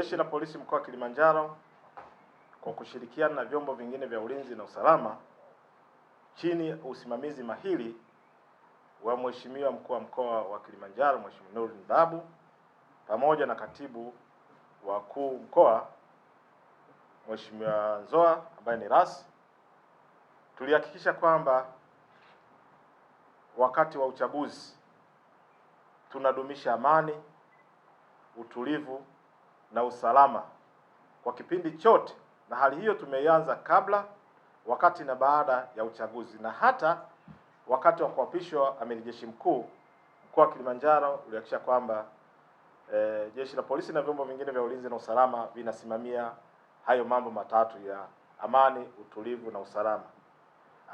Jeshi la Polisi mkoa wa Kilimanjaro kwa kushirikiana na vyombo vingine vya ulinzi na usalama chini ya usimamizi mahiri wa Mheshimiwa mkuu wa mkoa wa Kilimanjaro Mheshimiwa Nuru Ndabu pamoja na katibu wakuu mkoa Mheshimiwa Nzoa ambaye ni RAS, tulihakikisha kwamba wakati wa uchaguzi tunadumisha amani, utulivu na usalama kwa kipindi chote, na hali hiyo tumeianza kabla, wakati na baada ya uchaguzi na hata wakati wa kuapishwa amiri jeshi mkuu mkoa wa Kilimanjaro ulihakikisha kwamba e, jeshi la polisi na vyombo vingine vya ulinzi na usalama vinasimamia hayo mambo matatu ya amani, utulivu na usalama,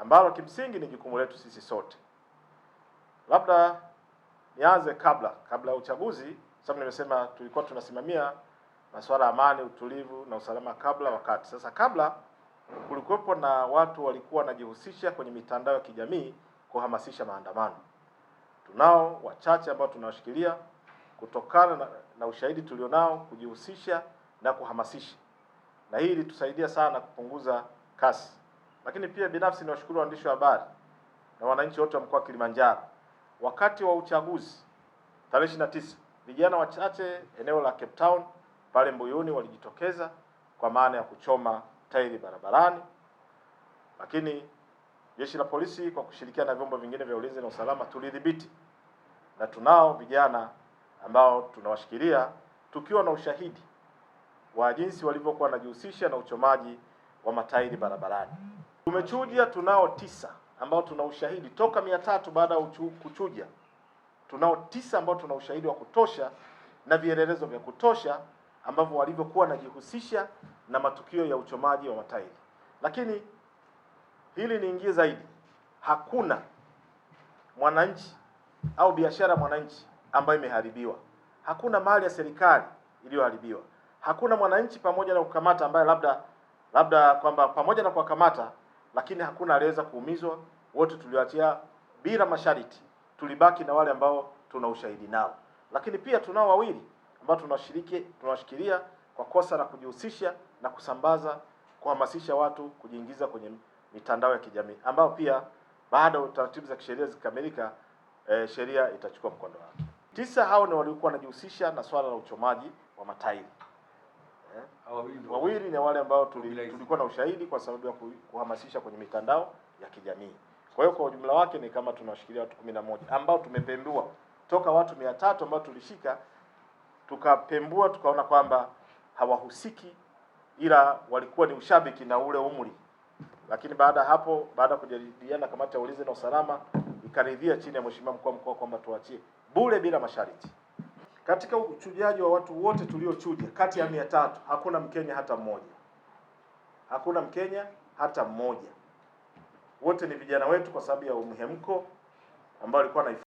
ambalo kimsingi ni jukumu letu sisi sote. Labda nianze kabla kabla ya uchaguzi, sababu nimesema tulikuwa tunasimamia masuala ya amani, utulivu na usalama kabla, wakati. Sasa kabla kulikuwepo na watu walikuwa wanajihusisha kwenye mitandao ya kijamii kuhamasisha maandamano. Tunao wachache ambao tunawashikilia kutokana na, na ushahidi tulionao kujihusisha na kuhamasisha, na hii ilitusaidia sana kupunguza kasi. Lakini pia binafsi niwashukuru waandishi wa habari na wananchi wote wa mkoa wa Kilimanjaro wakati wa uchaguzi tarehe 29 vijana wachache eneo la Cape Town pale Mbuyuni walijitokeza kwa maana ya kuchoma tairi barabarani, lakini jeshi la polisi kwa kushirikiana na vyombo vingine vya ulinzi na usalama tulidhibiti, na tunao vijana ambao tunawashikilia tukiwa na ushahidi wa jinsi walivyokuwa wanajihusisha na uchomaji wa matairi barabarani. Tumechuja, tunao tisa ambao tuna ushahidi toka mia tatu baada ya kuchuja, tunao tisa ambao tuna ushahidi wa kutosha na vielelezo vya kutosha ambavyo walivyokuwa wanajihusisha na matukio ya uchomaji wa matairi. Lakini hili niingie zaidi, hakuna mwananchi au biashara mwananchi ambayo imeharibiwa, hakuna mali ya serikali iliyoharibiwa, hakuna mwananchi pamoja na kukamata ambaye labda labda kwamba pamoja na kuwakamata, lakini hakuna aliweza kuumizwa. Wote tuliwaachia bila masharti, tulibaki na wale ambao tuna ushahidi nao, lakini pia tunao wawili ambao tunashiriki tunashikilia kwa kosa la kujihusisha na kusambaza, kuhamasisha watu kujiingiza kwenye mitandao ya kijamii, ambayo pia baada ya taratibu za kisheria zikikamilika, e, sheria itachukua mkondo wake. Tisa hao ni waliokuwa wanajihusisha na swala la uchomaji wa matairi eh. Wawili ni wale ambao tuli, tulikuwa na ushahidi kwa sababu ya kuhamasisha kwenye mitandao ya kijamii. Kwa hiyo kwa ujumla wake ni kama tunawashikilia watu kumi na moja ambao tumepembua toka watu mia tatu ambao tulishika tukapembua tukaona kwamba hawahusiki, ila walikuwa ni ushabiki na ule umri. Lakini baada ya hapo, baada ya kujadiliana, kamati ya ulinzi na usalama ikaridhia chini ya mheshimiwa mkuu wa mkoa kwamba tuachie bure bila masharti. Katika uchujaji wa watu wote tuliochuja, kati ya mia tatu hakuna Mkenya hata mmoja, hakuna Mkenya hata mmoja, wote ni vijana wetu kwa sababu ya umhemko ambao alikuwa na